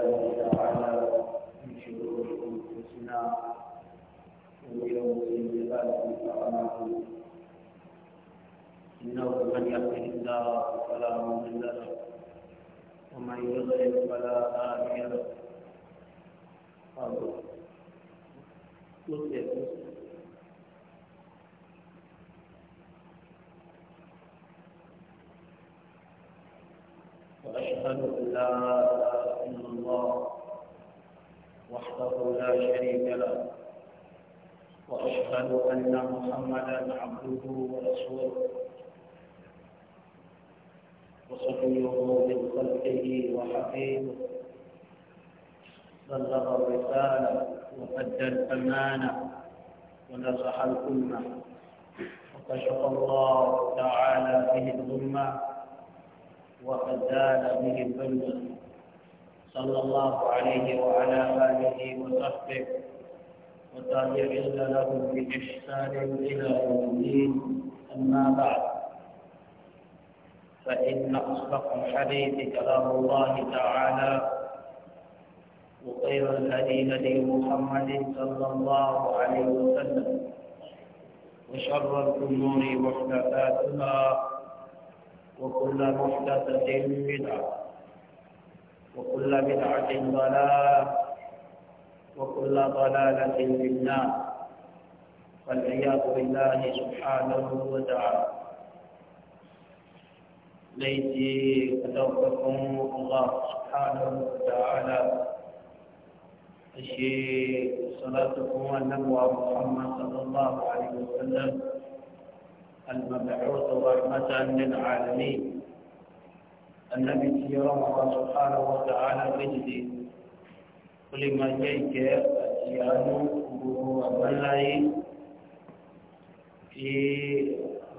الله تعالى من شرور انفسنا ومن سيئات اعمالنا انه من يهده الله فلا مضل له ومن يضلل فلا هادي له وأشهد أن لا إله الله وحده لا شريك له وأشهد أن محمدا عبده ورسوله وصفيه من خلقه وحبيبه بلغ الرسالة وأدى الأمانة ونصح الأمة وكشف الله تعالى به الامه وأزال به البلوى صلى الله عليه وعلى آله وصحبه وتابعين له بإحسان إلى يوم الدين أما بعد فإن أصدق الحديث كلام الله تعالى وخير الهدي هدي محمد صلى الله عليه وسلم وشر الأمور محدثاتها وكل محدثة بدعة وكل بدعة ضلالة وكل ضلالة في النار والعياذ بالله سبحانه وتعالى ليتي أتوقفكم الله سبحانه وتعالى أشي صلاتكم النبوة محمد صلى الله عليه وسلم المبعوث رحمة للعالمين ànábì tí ọlọ́mọba subhanahu wa ta'ala méjìdé ó lè máa jẹ́ ìkẹ́ àti àánú gbogbo àgbáńláyé tí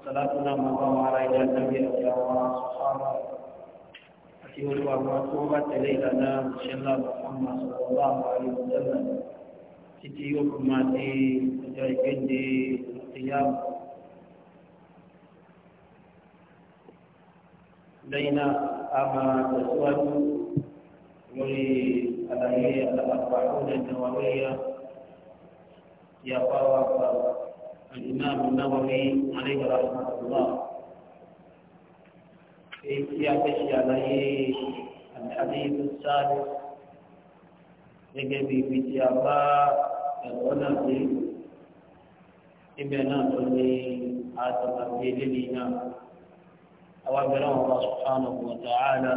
sàlátù náà máa bá wọn ara ilé ànábì àti àwọn sọ̀hánà àti gbogbo àwọn tó bá tẹ̀lé ìlànà ìṣẹ́lá Muhammad sallallahu alaihi wa sallam títí yóò fi máa di lẹ́yìn náà a máa tẹ̀síwájú lórí àlàyé àlàpà ọ̀dẹ̀ nàwàwíyà ìyàpá wa pa àdìmáàmù náwàwí àlejò àlùmọ̀tòlá èyí tí a fẹ́ ṣe àlàyé àdìmáàmù sáré gẹ́gẹ́ bí ibi tí a bá ẹ̀kọ́ náà dé ibẹ̀ náà tó ní àtàkàtì eléyìí náà àwọn abẹ́rẹ́ wọn bá subhanahu wa ta'ala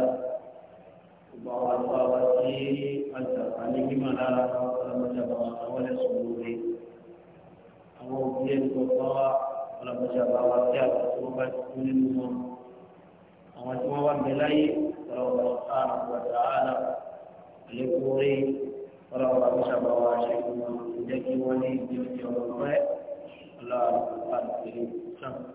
gbogbo àwọn àgbà wa tí àgbà ní mímọ̀ lára ọlọ́mọdé àbáwọn àwọn ẹ̀sùn lórí àwọn òbí ẹni tó bá wa ọlọ́mọdé àbáwọn tí àgbà tí wọ́n bá ti nínú wọn àwọn tí wọ́n wá bẹ láyé ọlọ́mọdé subhanahu wa ta'ala àlékún orí ọlọ́mọdé àbáwọn àṣẹ ìjẹ́kí wọ́n ní ìdí ọjọ́ ọ̀rọ̀ rẹ̀ ọlọ́mọdé àbáwọn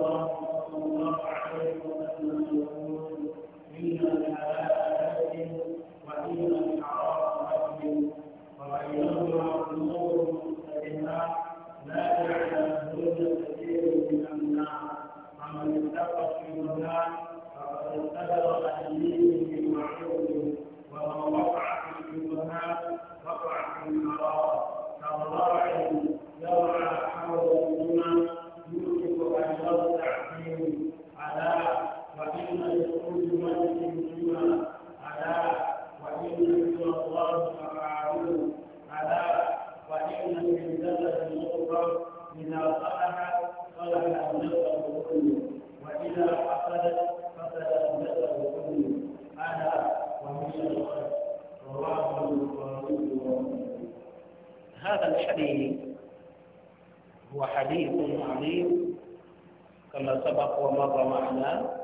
ومر معنا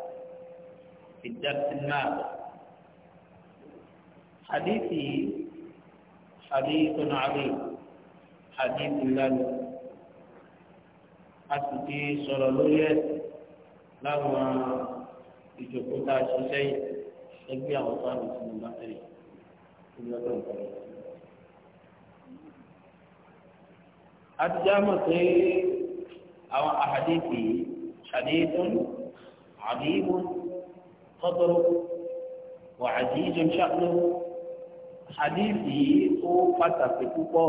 في الدرس الماضي حديثي حديث عظيم حديث لنا أسكي سرلوية لما يجوكوتا شيء يجبي أوطان صار الله عليه أتجامع في أو أحاديثي حديث عجيب قدره وعزيز شأنه حديثي هو pàtàkì púpọ̀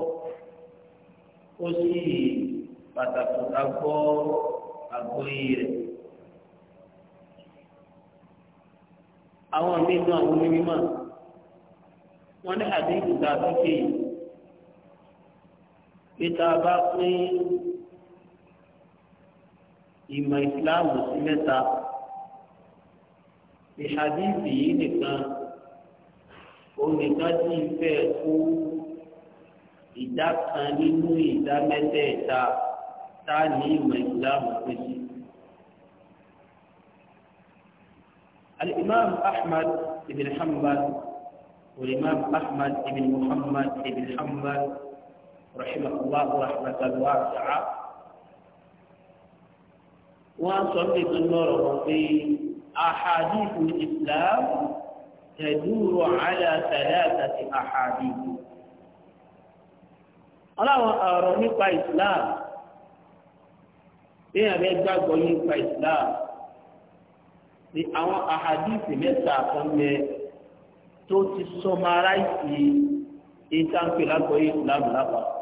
ó sì pàtàkì agbọ́ agbóyè rẹ̀. àwọn míín náà wọ́n ní mímọ́ wọ́n ní àdéhùn tá a tó kéyìí. pété a bá pín ìmọ̀ ìsìláàmù sí mẹ́ta ìhàdíìsì yìí nìkan onìkan tí fẹ́ kú ìdá kan nínú ìdá mẹ́tẹ̀ẹ̀ta tá a ní ìmọ̀ ìsìláàmù pé sí. الإمام أحمد بن حنبل والإمام أحمد بن محمد بن حنبل رحمه الله رحمة واسعة wọ́n sọ pé kan lọ́rọ̀ wọn pé ahadithu islam tẹ̀dúrò ala thalathati ahadith ọláwọn ọ̀rọ̀ nípa islam bí àbẹ́ gbàgbọ́ nípa islam ni àwọn ahadithu mẹ́ta kan tó ti sọmaráìsì ìtànkè lágbọ́ islam lápapọ̀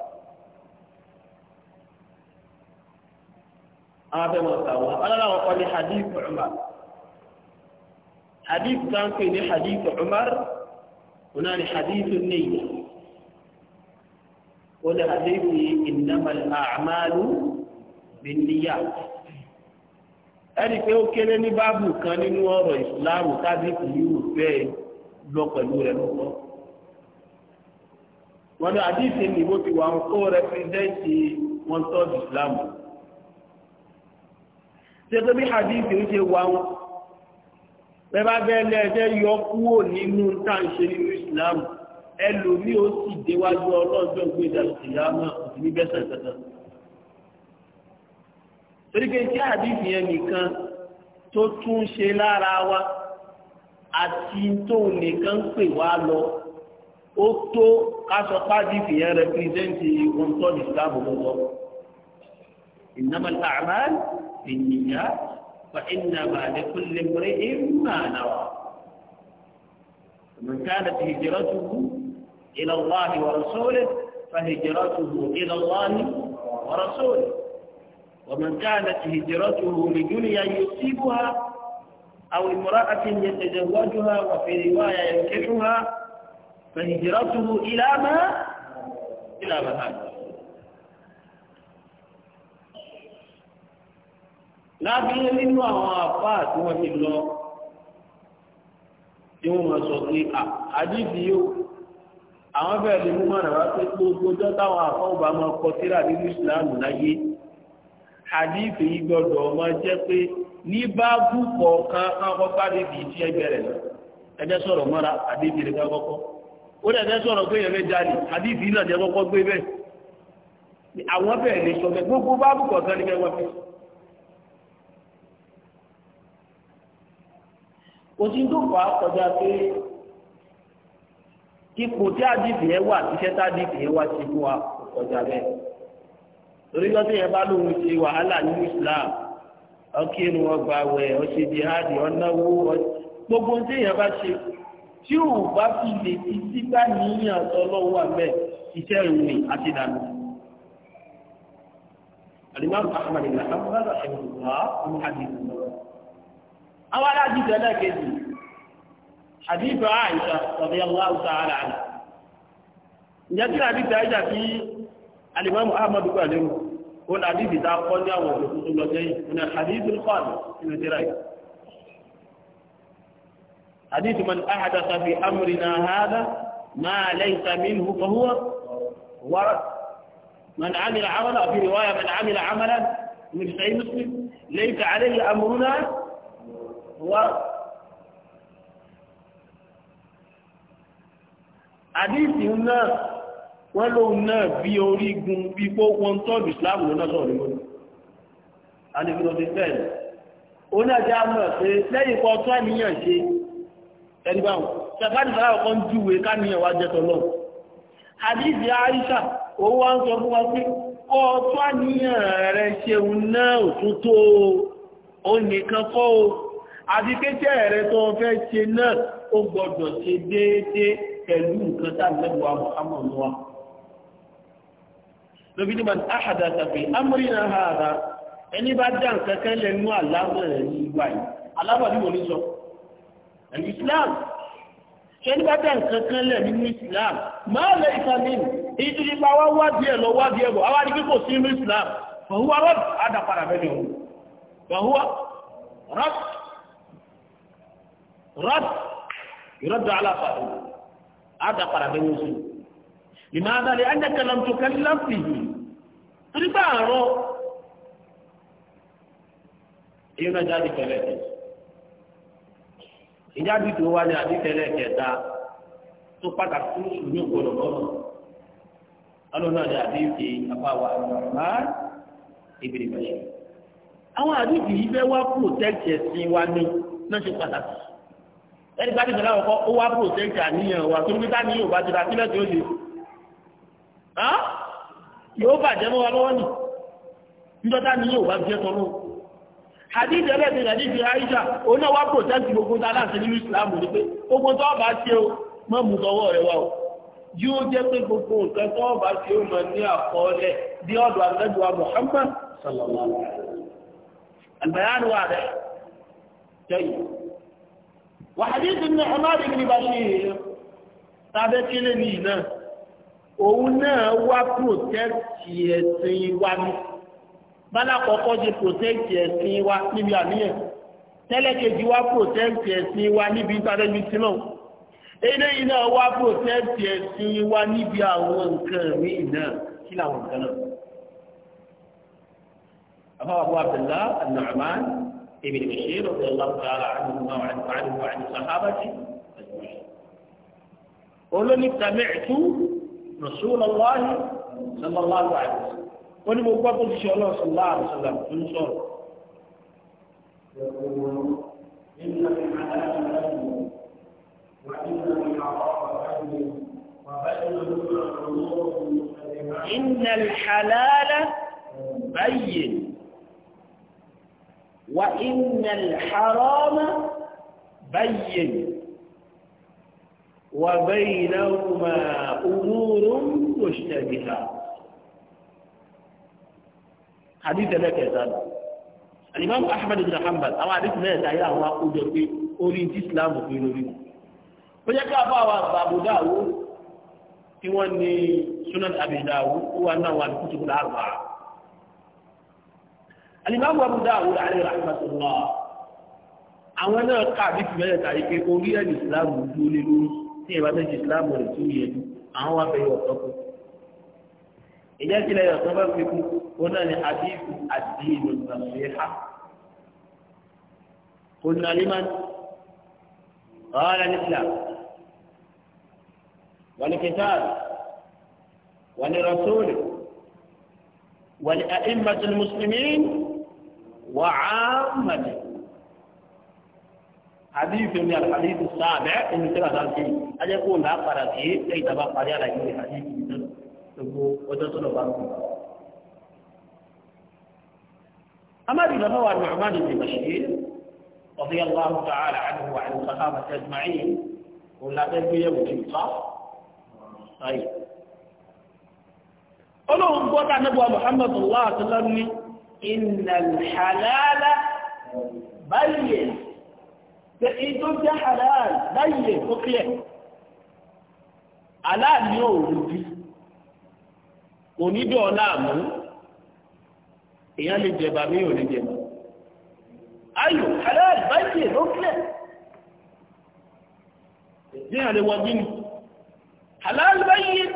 afẹ́ wọn kà wọ́n aláwọ̀ kọ́ ni hadith Umar hadith kan pè ní hadith Umar ọ̀nà ni hadith niyya ó ní hadith innamal a'malu binniyat ẹni pé ó kéré ní báàbù kan nínú ọ̀rọ̀ ìsìláàmù tábí kì í lọ pẹ̀lú rẹ̀ lọ́kọ́ wọn ni hadith ni mo ti wà ń kó rẹpírẹ́ǹtì wọn tọ́jú ìsìláàmù ṣe tó bí hadith ń ṣe wà wọn bẹ́ẹ̀ bá bẹ́ẹ̀ lẹ́ẹ̀dẹ́ yọ kúrò nínú tá à ń ṣe nínú ìsìláàmù ẹlòmí ó sì déwájú ọlọ́jọ́ gbé ìdàlùsì yàmà òsì ní bẹ́sẹ̀ tẹ̀tẹ̀. torí tí hadith yẹn nìkan tó tún ṣe lára wa àti tóun nìkan pè wá lọ ó tó kásọ pàdé fìyẹn rẹpírẹsẹ̀ntì ohun tó ní ìsìláàmù lọ́wọ́ ìnáwó بالنيات فإنما لكل امرئ ما نوى من كانت هجرته إلى الله ورسوله فهجرته إلى الله ورسوله ومن كانت هجرته لدنيا يصيبها أو امرأة يتزوجها وفي رواية ينكحها فهجرته إلى ما إلى ما هذا lábílẹ̀ nínú àwọn àfáà tí wọ́n ti lọ tí wọ́n mọ̀ sọ pé àdídì yóò àwọn bẹ̀rẹ̀ lè mú mọ̀nà wá pé gbogbo ọjọ́ táwọn àfáà ọba máa kọ síra nínú ìsìláàmù láyé àdídì yìí gbọdọ̀ máa jẹ́ pé ní báàbù kọ̀ọ̀kan káàkọ́ pàdébì tí ẹgbẹ́ rẹ̀ lọ ẹjẹ́ sọ̀rọ̀ mọ́ra àdídì rẹ̀ kọ́kọ́ ó dẹ̀ ẹjẹ́ sọ̀rọ̀ pé ẹ̀rẹ́ jáde àdídì náà jẹ́ kọ́kọ́ gbé bẹ́ẹ̀ àwọn bẹ̀rẹ̀ lè sọ bẹ́ẹ̀ gbogbo báàbù kọ̀ọ̀kan ní kẹ́kọ̀ọ́ òtí tó fà á kọjá pé ipò tí àdìsí yẹn wà tíṣẹ́ tá àdìsí yẹn wá sí fún wa kọjá bẹ́ẹ̀ torí lọ́sẹ̀ yẹn bá lóun ṣe wàhálà nínú Islam ọkìnrin ọgbà wẹ̀ ọṣẹ jihadi ọ̀nàwó gbogbo ohun tí yẹn bá ṣe tí ò bá fi lè ti sígbà níyàn tọ́lọ́wọ́ àbẹ́ iṣẹ́ ìrìn àti ìdàgbà. Àdìmọ́ Ahmad ìlànà ọ̀hún ọ̀hún ọ̀hún ọ̀hún ọ̀hún àwọn aláàdìsí ẹlẹ́ẹ̀kejì àdìsọ àìsà ọ̀dẹ́ aláwùsà ara rẹ̀ ìyẹn tí àdìsí àìsà fi alimami ahmadu gbà lérò ó ní àdìsí tá a kọ́ ní àwọn òṣèlú tó lọ sẹ́yìn ó ní àdìsí kọ́ọ̀lù nínú tíra yìí àdìsí man ahadasa fi amrina hada ma laysa minhu fahuwa warad من عمل عملا في رواية من عمل عملا من صحيح مسلم ليس عليه أمرنا wáwù. àdìsí náà wọ́n lóun náà bí orígun bí gbogbo ń tọ́jú islam lónà sọ̀rọ̀ lónìí alìgbìnàdì bẹ́ẹ̀ onájá mọ̀ pé lẹ́yìn kan tó àníyàn ṣe ẹgbàun ṣàfáàdì sàráwọ̀ kan júwe káníyàn wá jẹ́ tọ́lọ́ àdíjì àríṣà ó wá ń sọ fún wa pé kọ́ tó àníyàn rẹ̀ ṣeun náà òtútó ó nìkan kọ́ àti kéṣẹ́ rẹ tó fẹ́ ṣe náà ó gbọdọ̀ ṣe déédéé pẹ̀lú nǹkan tàbílẹ̀wà Muhammadu wa lóbi ní man áhàdà tàbí amúrínà hàdà ẹni bá dá nǹkan kan lẹ́nu aláwọ̀ rẹ̀ ní ìgbà yìí aláwọ̀ ni mo ní sọ ẹ̀lú Islam ẹni bá dá nǹkan kan lẹ̀ nínú Islam رد يرد على فاعله هذا قرأ بوزن لماذا لأنك لم تكلم فيه رباره ìyẹn jáde tẹlẹ kẹ ìjáde tó wá ní àbí tẹlẹ kẹta tó pàtàkì tó sùn ní ògbọdọ lọrọ alonso àti àdéhùté àbáwá àbá ìbèrè bàṣẹ àwọn àdéhùté yìí fẹ́ wá protect ẹ̀sìn wa ní náà ṣe pàtàkì ẹni bá ti bẹ̀rẹ̀ àwọn ọkọ̀ ó wá protect àníyàn wa tó ń gbé táníyàn ò bá ti ra sílẹ̀ tí ó ṣe yóò bàjẹ́ mọ́ wa lọ́wọ́ nì níjọ́ táníyàn ò bá jẹ́ tọ́lú hadith ẹlẹ́gbẹ̀ẹ́ hadith Aisha òun náà wá protect gbogbo tá láti nínú Islam ní pé gbogbo tó bá ṣe o mọ́ mú tọwọ́ rẹ wa o yóò jẹ́ pé gbogbo nǹkan tó bá ṣe o mọ̀ ní àkọọ́lẹ̀ bí ọ̀dọ̀ àgbẹ̀dùwà Muhammad sallallahu alaihi wa sallam وحديث ابن عمر بن بشير تابعي لنينا وهنا هو بروتكتي سيوان بلا قوقو جي بروتكتي سيوان نبي عمية تلك جوا بروتكتي سيوان نبي تابعي مثلو إلى هنا هو بروتكتي سيوان نبي عوان كمينا كلا عوان كلا أبو عبد الله النعمان ابن بشير رضي الله تعالى عنهما وعن فعله وعن صحابته أجمعين اني سمعت رسول الله صلى الله عليه وسلم wọ́n ní mo gbọ́ bóbi ṣe ọlọ́run sọ̀rọ̀ láàrú sọ̀rọ̀ ń sọ̀rọ̀. إن الحلال بين وإن الحرام بين وبينهما أمور مشتبهة حديث لك يا سادة الإمام أحمد بن حنبل أو حديث ما يتعيه هو أقول في أولين إسلام في نوري ويجب أبا أبو داود في وني سنن أبي داود هو أنه الكتب الأربعة alimami abu dawud alayhi rahmatulah àwọn náà ká àbíkú mẹ́rin tàbí pé orí ẹni islam dúró lé lórí tí ìbá méjì islam rẹ̀ tó yẹ ju àwọn wá fẹ́ yọ ọ̀tọ́ kù ìjẹ́ kílẹ̀ yọ ọ̀tọ́ bá fi kú ó náà ní àbíkú àti ìlú nàìjíríà kò ní alimami قال الإسلام ولكتابه ولرسوله ولأئمة المسلمين وعامة حديث من الحديث السابع إن كلا ذلك أن يكون لا قرأتي كي تبقى على أي حديث وتصل بانه أما بلغوا النعمان بن بشير رضي الله تعالى عنه وعن الصحابة أجمعين ولا يوم وتنصى طيب ọlọ́run gbọ́ta nígbà Muhammadu Allah àtìlẹ́nu إن الحلال بين تأيدون ده حلال بين وقيم على اليوم ربي ونبي علامه إيان الجبامي ونجيبه أيو حلال بين وقيم إيان الوضين حلال بين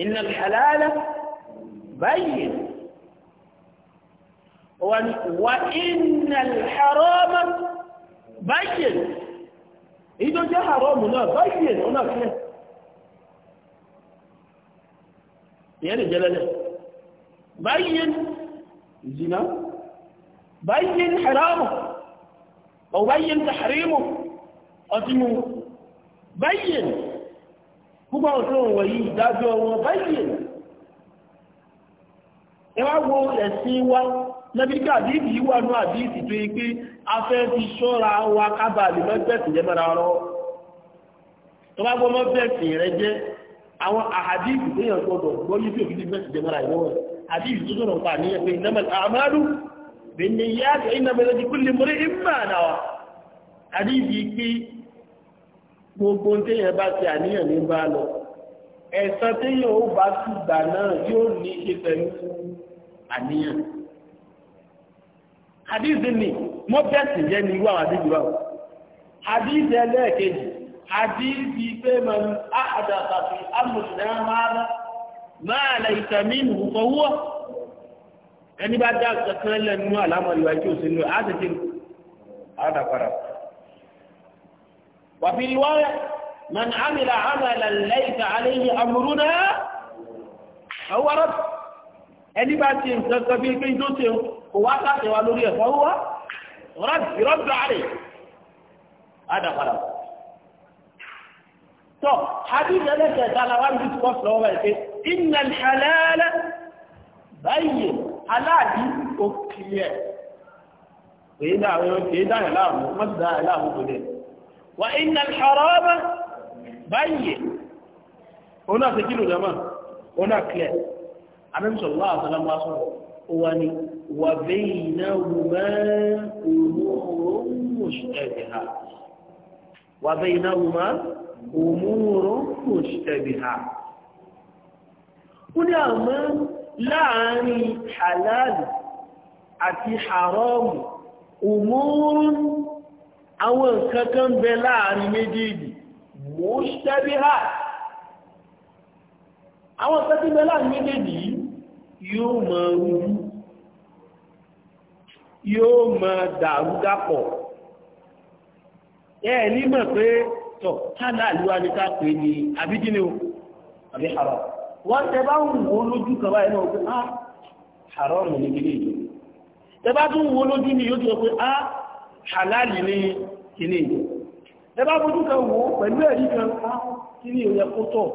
إن الحلال بين wà ní wà innal harama bayyin èyí tó jẹ́ haramu náà bayyin ọ̀nà fílẹ̀ ìyẹn lè jẹ́ lẹ́lẹ̀ bayyin zina bayyin haramu ọ̀ bayyin tahrimu ọtí mu bayyin púpọ̀ ọ̀tọ́ wọ̀nyí ìdájọ́ wọn bayyin ẹ ẹ̀sìn wa lẹ́bíkà àdíìsì yìí wà ní àdíìsì tó yí pé a fẹ́ ti ṣọ́ra wa kábà lè mọ́gbẹ̀sì jẹ́ mọ́ra ọ̀rọ̀ tó bá gbọ́ mọ́gbẹ̀sì rẹ jẹ́ àwọn àdíìsì tó yàn gbọ́dọ̀ gbọ́ yí sí òfin mẹ́sì jẹ́ mọ́ra ìwọ̀n àdíìsì tó sọ̀rọ̀ pa ní ẹgbẹ́ ìnámẹ́lì àmàlù bẹ̀ni yá ti ìnámẹ́lì ti kúlẹ̀ mọ́rẹ́ ìmọ̀ àdáwà àdíṣe ni mo mọ́bẹ̀sì jẹ́ ní irú àwọn àdíṣe báwọn àdíṣe ẹlẹ́ẹ̀kejì àdíṣe pé ma mọ̀ àdàtà fi amòṣìlẹ̀ máa máa lẹ ìtàmínú fọwọ́ ẹni bá dá kankan lẹ́nu àlámọ̀ ìwà tí ó sì lọ á sì ti àdàpadà wàfi lọ́rẹ̀ من عمل عملا ليس عليه أمرنا فهو رد ẹni bá ti nǹkan kan bí pé tí ó kò wá láti wá lórí ẹ̀fọ́ wá rọ́bì rọ́bì àrè àdàpadà. tọ́ hadith ẹlẹ́sẹ̀ ìtàlá wá ní ti kọ́sùn lọ́wọ́ ẹ̀ pé iná ní alẹ́lẹ́ báyìí aláàdí ó kìlẹ̀ èyí dáhùn èyí dáhùn láàmú wọ́n ti dáhùn láàmú kò dé wà iná ní ọ̀rọ̀ báyìí òun náà ti kílò jọmọ́ òun náà kílẹ̀ àbẹ́mùsọ̀lá àtàlámọ́ sọ̀rọ̀ ó wá ní وبينهما أمور مشتبهة وبينهما أمور مشتبهة Kúrò àmọ́ láàárín halal àti haram, òmòrún àwọn kankan bẹ láàárín méjèèjì, mushtabihat. Àwọn kankan bẹ láàárín méjèèjì yóò mọ̀ rújú yóò mọ dàrú dàpọ̀ ẹ ní mọ̀ pé tọ̀ hálà ló wá ní ká pè ní àbídínú àbí haram wọ́n tẹ bá ń wo lójú kan báyìí náà pé ah haram ní kíní ìjọ tẹ bá tún wo lójú ni yóò tó pé ah halal ní kíní ìjọ tẹ bá fojú kan wo pẹ̀lú ẹ̀rí kan ah kíní ìyẹ kó tọ̀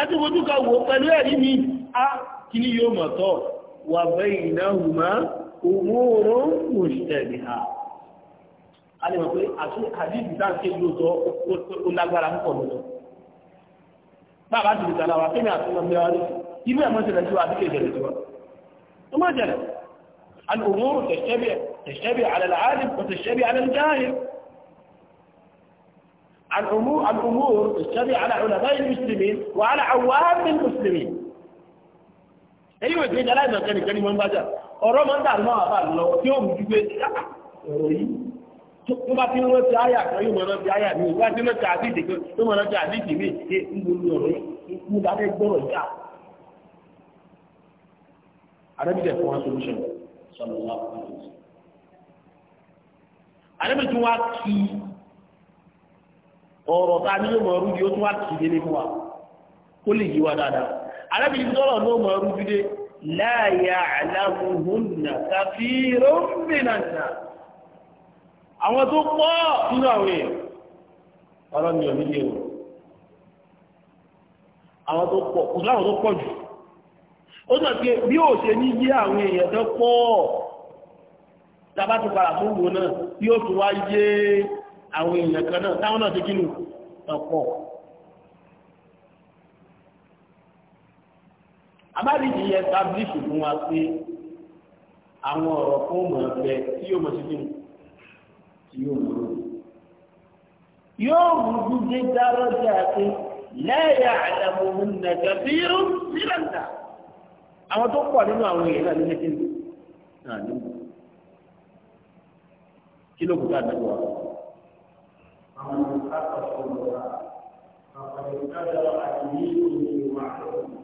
ẹ tún fojú kan wo pẹ̀lú ẹ̀rí mi ah kíní yóò mọ̀ tọ̀ wà bẹ́yìn náà hùmá أمور مشتبهة أنا بقول أشوف حديث بتاع كيف لوتو ولا غير عن كونه بابا تقول أنا وأكيد أقول لك يعني يبقى ما تنسوا هذيك الجلسة وما جلس الأمور تشتبه تشتبه على العالم وتشتبه على الجاهل الأمور الأمور تشتبه على علماء المسلمين وعلى عوام المسلمين أيوة كده لا يمكن كلمة مبادرة ọ̀rọ̀ máa ń dàrú máa lọ tí ó rújú pé ọ̀rọ̀ yìí tó bá ti ń rántí àyà kan yóò máa rántí àyà mi wá sí rántí àdìsí kan yóò máa rántí àdìsí mi ṣe ń gbólú ọ̀rọ̀ ikú lábẹ́ gbọ́rọ̀ yá. àdébìtẹ̀ fún wa solution sọ̀rọ̀ fún wa ọ̀rọ̀ yóò ó tún kì í délé fún wa kó lè yí wa dáadáa. لا يعلمهن كثير من الناس àwọn tó pọ̀ àwọn èèyàn ọ̀rọ̀ mi o àwọn tó pọ̀ kò tó pọ̀ jù ó sọ pé bí ó ṣe àwọn èèyàn tó pọ̀ wo náà àwọn èèyàn kan abáríjì yẹ tábílìṣì fún wa pé àwọn ọ̀rọ̀ fún ọmọ ẹgbẹ́ tí yóò mọ̀ sí fún tí yóò mọ̀ lórí yóò rújú dé dárọ́ jẹ́ àti lẹ́yà àdàmùhùn nàgà bí irú sílẹ̀ǹdà àwọn tó pọ̀ nínú àwọn èèyàn náà ní méjìlá náà ní kí ló kù ká àdàbọ̀ wa. àwọn ìkápá ọ̀rọ̀ wa àwọn ìkápá ọ̀rọ̀ àti yíyí ìwà àkọ́kọ́.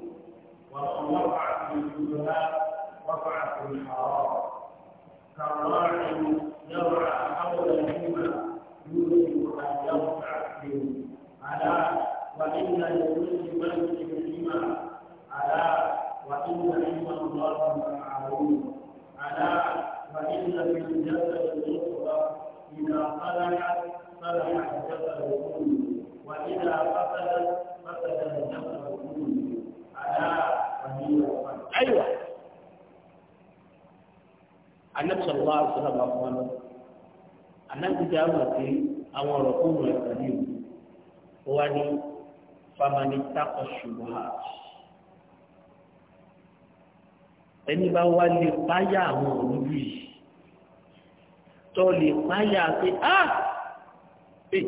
وقعت وتنوعت وقعت رفعت الحرارة كالراعي يرعى حول الهمة يوسف أن يرفع فيه ألا وإن لكل ملك همة ألا وإن علم الله معروف ألا وإن في الجسد الاخرى إذا صلحت صلح الجبل كله وإذا قتلت قتل فسد anẹ́sọ̀lá àṣọlá fún wa lọ anẹ́sọ̀lá wà pé àwọn ọ̀rọ̀ tó wù ẹ̀ka ní o wá ní famani takọ ṣùgbọ́n ẹni bá wá lè páyà àwọn òun yìí tó lè páyà pé á ah! pé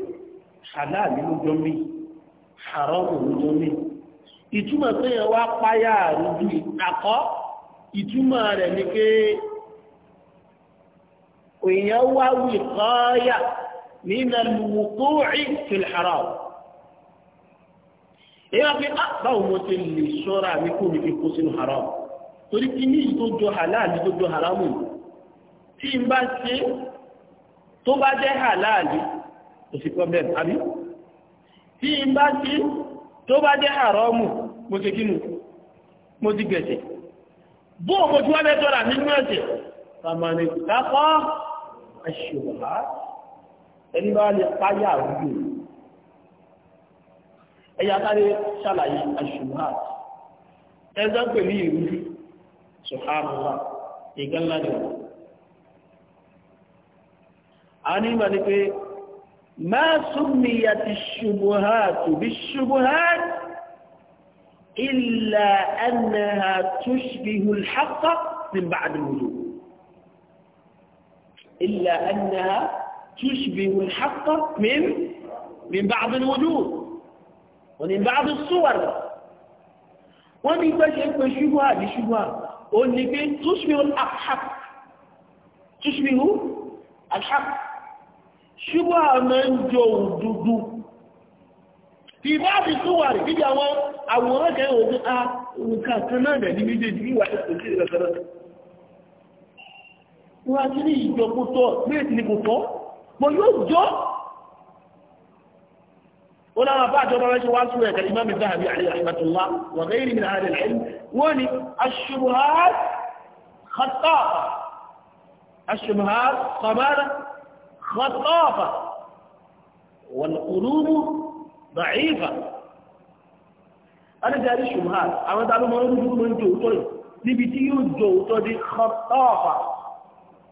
halali ló jọ mí haramu ló ìtumọ̀ pé wá páyà àrùn yìí àkọ́ ìtumọ̀ rẹ̀ ni pé èèyàn wá wìkọ́yà nínú lùwùkúrì fìlhàrà èèyàn fi á ah, báwo mo ti lè ṣọ́ra mi kó mi fi kó sínú haram torí kí ní ìdójó halal ìdójó haramu tí n bá ṣe tó bá jẹ́ halal kò sí problem àbí tí n bá ṣe tó bá jẹ́ haramu mo ti kínú mo ti gbẹ̀sẹ̀ bóò mo ti wá bẹ́ tọ́ra nínú ẹ̀sẹ̀ kàmàlì kápọ́ الشبهات ẹni bá lè páyà àwùjọ ẹ̀yà sáré ṣàlàyé àṣùbáàt ẹ̀zá pẹ̀lú ìlú ṣùhánàlá ìgánlá ni wọ́n a ní ìmọ̀ ní pé máa súnmí àti ṣùbáàt bí ṣùbáàt إلا أنها تشبه الحق من بعد الوجود إلا أنها تشبه الحق من من بعض الوجوه ومن بعض الصور ومن بشر شبهة بشبهة والنبي تشبه الحق تشبه الحق شبهة من جودد في بعض الصور في جواب أوراق أوراق أوراق أوراق أوراق أوراق أوراق أوراق أوراق wọ́n á ti ní ìjọkú tọ́ méjì ní kò tọ́ mọ yóò jọ́ ولما بعد ما ماشي واسوي الإمام الذهبي عليه رحمة الله وغيره من أهل العلم وني الشبهات خطافة الشبهات صمانة خطافة والقلوب ضعيفة أنا جاري الشبهات أما تعلم أنا نقول من جوتوي لبتي جوتوي خطافة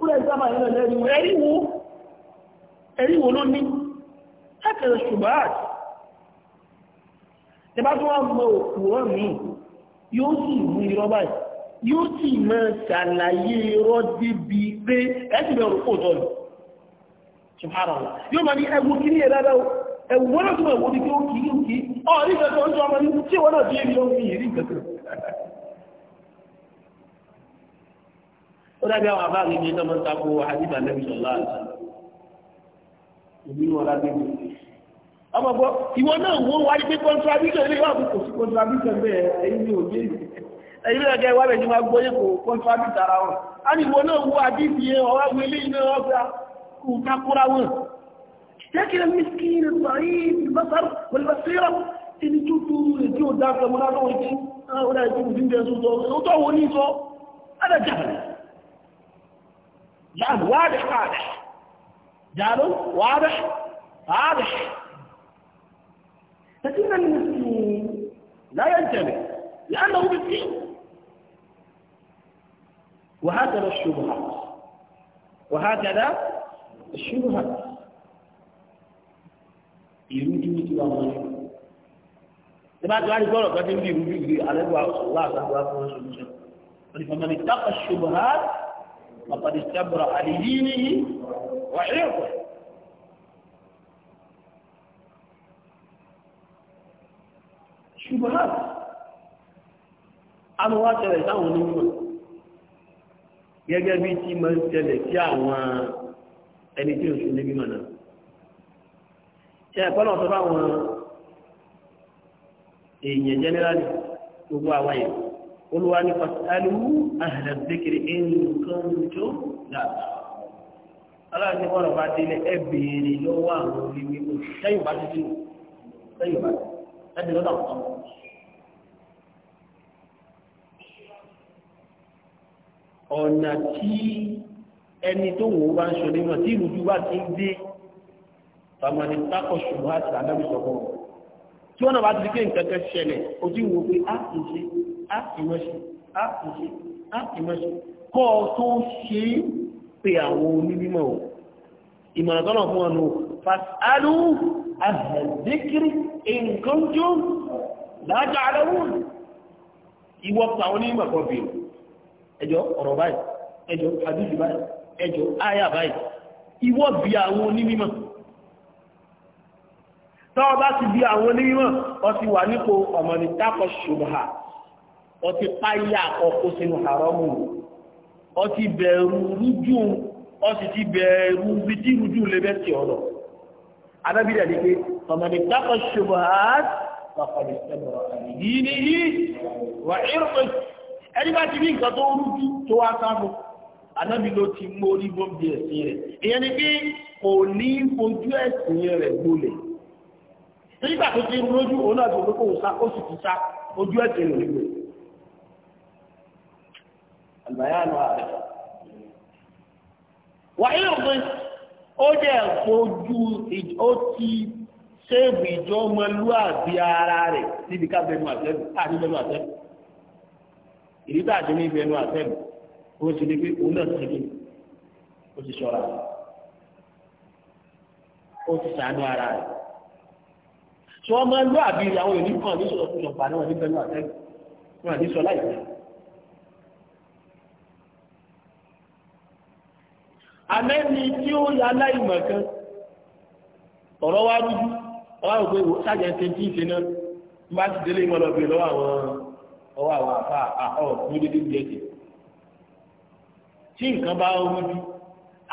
kúrẹ̀ ìsámà ìrìnà lẹ́rù ẹ̀ríwò ẹ̀ríwò ló ní ẹ̀kẹ̀rẹ̀ ṣùgbọ́n tẹbá tó wọ́n mọ òkú wọn mi yóò sì mú irọ́ báyìí yóò sì mọ ṣàlàyé irọ́ débi pé ẹ̀sìn bẹ̀rù kò tọ́ lù subhanallah yóò máa ní ẹwù ní ẹ̀ dáadáa náà tó mọ̀ ó kì í kì í ó dàbí àwọn afáàrí ní ẹjọ́ máa ń takò àdìbà lẹ́bi sọ̀lá àti ìlú wọn lábẹ́ mi. ọmọ gbọ́ ìwọ náà wo wáyé pé contradiction ilé wà kò sí contradiction bẹ́ẹ̀ ẹ̀yin ní òbí ẹ̀yin náà kẹ́ wá bẹ̀ ní wá gbọ́ yẹ kò contradict ara wọn. a ní ìwọ náà wo àdìsí yẹn لكن المسكين الضعيف البصر والبصيرة ẹni tó tó èdè ò dáa kẹmọ́lá lọ́wọ́ ìdí àwọn ọ̀dà ìdí òfin bẹ̀rẹ̀ sọ́tọ̀ ọ̀tọ̀ wọn ní sọ adájáde جار نعم، واضح واضح جار واضح واضح لكن المسكين لا ينتبه لأنه مسكين وهكذا الشبهات وهكذا الشبهات يرجو إلى الله لما تعالى قال قد يرجو إلى الله سبحانه وتعالى فمن اتقى الشبهات فقد استبرأ لدينه وعرضه ṣùgbọ́n a mọ́ wá tẹ̀lẹ̀ sáwọn onímọ̀ gẹ́gẹ́ bí tí mọ́ tẹ̀lẹ̀ sí àwọn ẹni tí ó ṣe níbi mọ̀ náà ṣe ẹ̀kọ́lọ̀ tó bá wọn èèyàn jẹ́nẹ́rálì gbogbo àwọn èèyàn olúwa ní pàtàkì ahla dhikri nǹkan tó dàgbà aláàbí ọ̀rọ̀ bá délé ẹ béèrè lọ́wọ́ àwọn orí mímú sẹ́yìn bá dídí sẹ́yìn bá ẹ̀dẹ̀ lọ́dọ̀ kan. ọ̀nà tí ẹni tó wò ó bá ń sọ nímọ̀ tí ìrújú bá ti dé famani takọ̀ ṣùgbọ́n àti àdábìsọ̀kọ̀ tí wọ́n náà bá ti di pé ṣẹlẹ̀ ojú ìwò pé á ah, kì ṣe ápìmọ́ṣe ápìṣe ápìmọ́ṣe kọ́ ọ tó ṣe é pé àwọn onímọ̀ ò ìmọ̀ràn tọ́nà fún ọ̀nà fasalú àhẹ̀dẹ́kiri nǹkan jó lájà àdáwò ìwọ pa àwọn onímọ̀ kan bèèrè ẹjọ́ ọ̀rọ̀ báyìí ẹjọ́ àdújù báyìí ẹjọ́ áyà báyìí ìwọ bí àwọn onímọ̀ ọtí páyà ọkọ sínú haramu ọtí bẹ̀rù rújú ọtí ti bẹ̀rù bí tí rújú lè bẹ́ ti ọ̀rọ̀ adábídà ní pé ọmọdé dákọ̀ ṣubú àti pàpàdé sẹ́bọ̀rọ̀ àyíyí ní yí wà ìrùpẹ̀ ẹni bá ti rí nǹkan tó rújú tó wá sáfù adábí ló ti mú orí bọ́m̀bì ẹ̀sìn rẹ̀ ìyẹn ni pé kò ní fojú ẹ̀sìn rẹ̀ gbolẹ̀ nígbà tó ti rújú òun náà tó kó sá ó sì ti sá ojú ẹ̀sìn rẹ̀ gbolẹ̀ àlùbáyà lọ àrẹ. wàyí ọ̀gbìn ó dẹ̀ fojú ó ti ṣéèbù ìjọ ọmọlúwàbí ara rẹ̀ níbi ká bẹnu àtẹ́bù àti bẹnu àtẹ́bù ìdí tá a ti ní bẹnu àtẹ́bù ó sì ní pé òun náà ti ní ó ti ṣọ́ra ó ti sànú ara rẹ̀ tí wọ́n máa ń lọ àbí ìyàwó ìlú kan ní sọ̀rọ̀ fún ìjọba náà ní bẹnu àtẹ́bù wọn amẹ́ni tí ó yà aláìmọ̀ kan ọ̀rọ̀ wá rújú ọwá òpé sájẹ̀ ṣe tí ìṣe náà bá ti délé ìmọ̀ lọ́bẹ̀ lọ́wọ́ àwọn ọwọ́ àwọn àfà àhọ́ ní dédé ìjẹ́ sí tí nǹkan bá rújú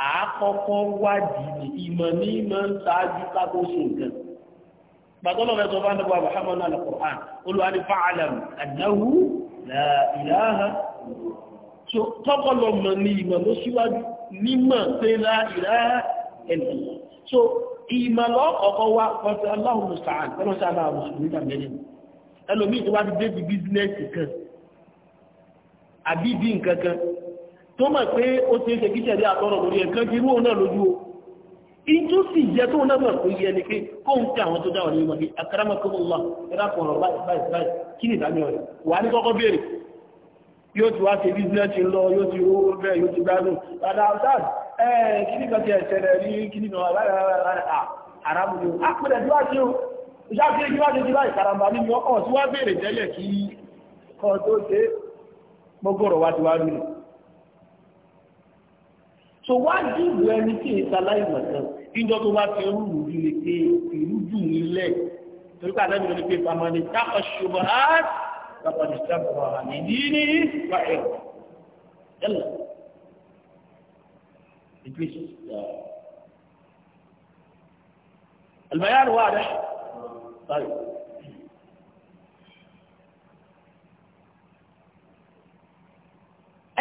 àákọ́kọ́ wádìí ní ìmọ̀ ní ìmọ̀ ń ṣáájú kákó ṣe nǹkan gbàtọ́lọ́ rẹ̀ sọ fún àwọn Muhammad al-Qur'an olùwà ní fa'alam annahu la ilaha so tọ́kọ̀ lọ mọ̀ ní ìmọ̀ ló síwájú nímọ̀ pé láìlá ẹ̀lì so ìmọ̀lọ́ ọ̀kọ̀ wa ọ̀tọ̀ aláhùn sàn ọlọ́sàn àwọn mùsùlùmí tàbí ẹlòmíì tó wá ti dé ti bísínẹ́sì kan àbí bí nǹkan kan tó mọ̀ pé ó ti ń ṣe kíṣẹ̀ ní àtọ́rọ̀ lórí ẹ̀kan ti rú òun náà lójú o ìjú sì yẹ tó náà mọ̀ yẹ ni pé kó ń tẹ àwọn tó dáwọ̀ ní ìmọ̀ ní akaramakọ́mọ́lá ẹ̀rọ àpọ̀rọ̀ báyìí báyìí kí ni ìdájọ́ rẹ̀ wà ní kọ́kọ́ béèrè yóò ti wá ṣe bísínẹ́sì lọ yóò ti rówó bẹ́ẹ̀ yóò ti gbádùn padà ọ̀dáàd ẹ̀ẹ́ kí ti ẹ̀ṣẹ̀lẹ̀ rí kí nìkan arábùnú àpẹẹrẹ tí wá so wá dìbò ẹni tí èyí sáláì mọ̀tán ìjọ tó bá ti rú rú lè pé ìrú jù nílẹ̀ torí ni pé pamọ́ ni فقد استبرأ لدينه وعرضه يلا بتويست البيان واضح طيب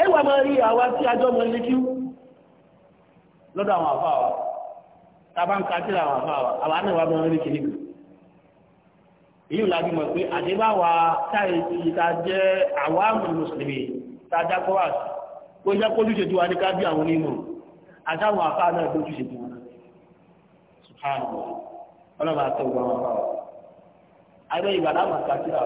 ẹwà máa rí àwa tí ajọ́ mọ ilé kíú lọ́dọ̀ àwọn àfáà wa tá a bá ń ka sílẹ̀ àwọn àfáà wa àwa náà wà máa rí kìnnìkan èyí ò lábí mọ̀ pé àdébáwa táyì ta jẹ́ àwámù mùsùlùmí ta dákọ́wà kó jẹ́ kó lùṣètò wa ní ká bí àwọn onímọ̀ àtàwọn afá náà tó lùṣètò wọn subhanahu ọlọ́ba àti ọgbà wọn fà wọ́n. abẹ́ ìbàdàn àwọn àkàtúrà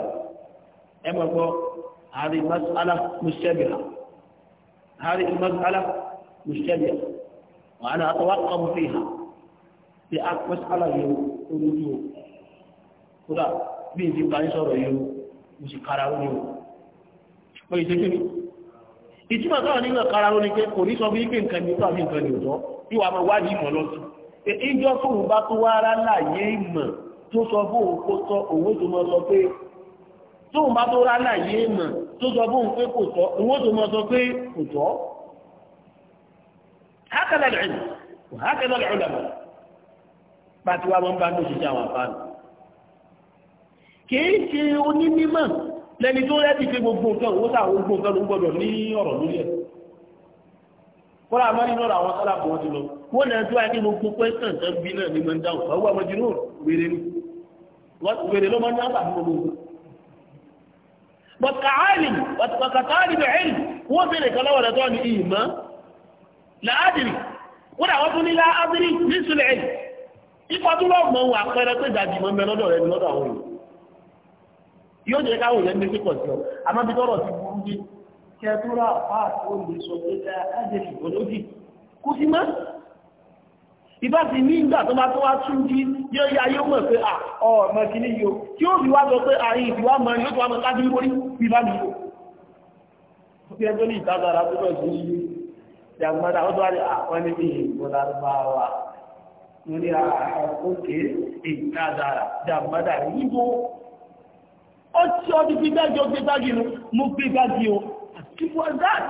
rẹ̀ ẹ kódà bí n ti parí sọ̀rọ̀ yìí mo sì karahun ni o mo yìí tẹ́kẹ́ mi ìtumọ̀ sọ̀rọ̀ nígbà karahun ni pé kò ní sọ fún yín pé nǹkan ní tó àbí nǹkan ní òtọ́ bí wàá máa wádìí ìmọ̀ lọ sí ìjọ fóun bá tó wá rá láàyè bá tó rá láàyè ìmọ̀ àwọn àfáàní kìí ṣe onímímọ̀ lẹni tó rẹ́ ti fi gbogbo nǹkan owó sáà gbogbo nǹkan ló gbọdọ̀ ní ọ̀rọ̀ lórí ẹ̀ kọ́lá lọ́rọ̀ àwọn wọn ti lọ náà tó gbogbo pẹ́sàn tán bí náà ní wèrè ni wèrè ló máa ń dáhùn gbogbo wọ́n lọ́wọ́ rẹ̀ tó ní ìmọ̀ yóò jẹ́ káwọn èèyàn méjì pọ̀ sí ọ àmọ́ bí tọ́rọ̀ ti burú dé kẹtùrà pàt ó lè sọ pé ká ẹ̀jẹ̀ ìgbòlódì kú sí mọ́ ìbá ti ní ìgbà tó bá tó wá tún jí yóò yá yóò mọ̀ pé à ọmọ kìíní yóò tí ó fi wá sọ pé àyìn ìdíwá mọ yóò tó wá mọ orí bí bá mi yóò ní ìtagbára tó àwọn ní ìgbọ́dá bá wà yíbo ó tí ó ti fi gbági ó gbé gbági nu mú gbé gbági o àti wọ́n dáàd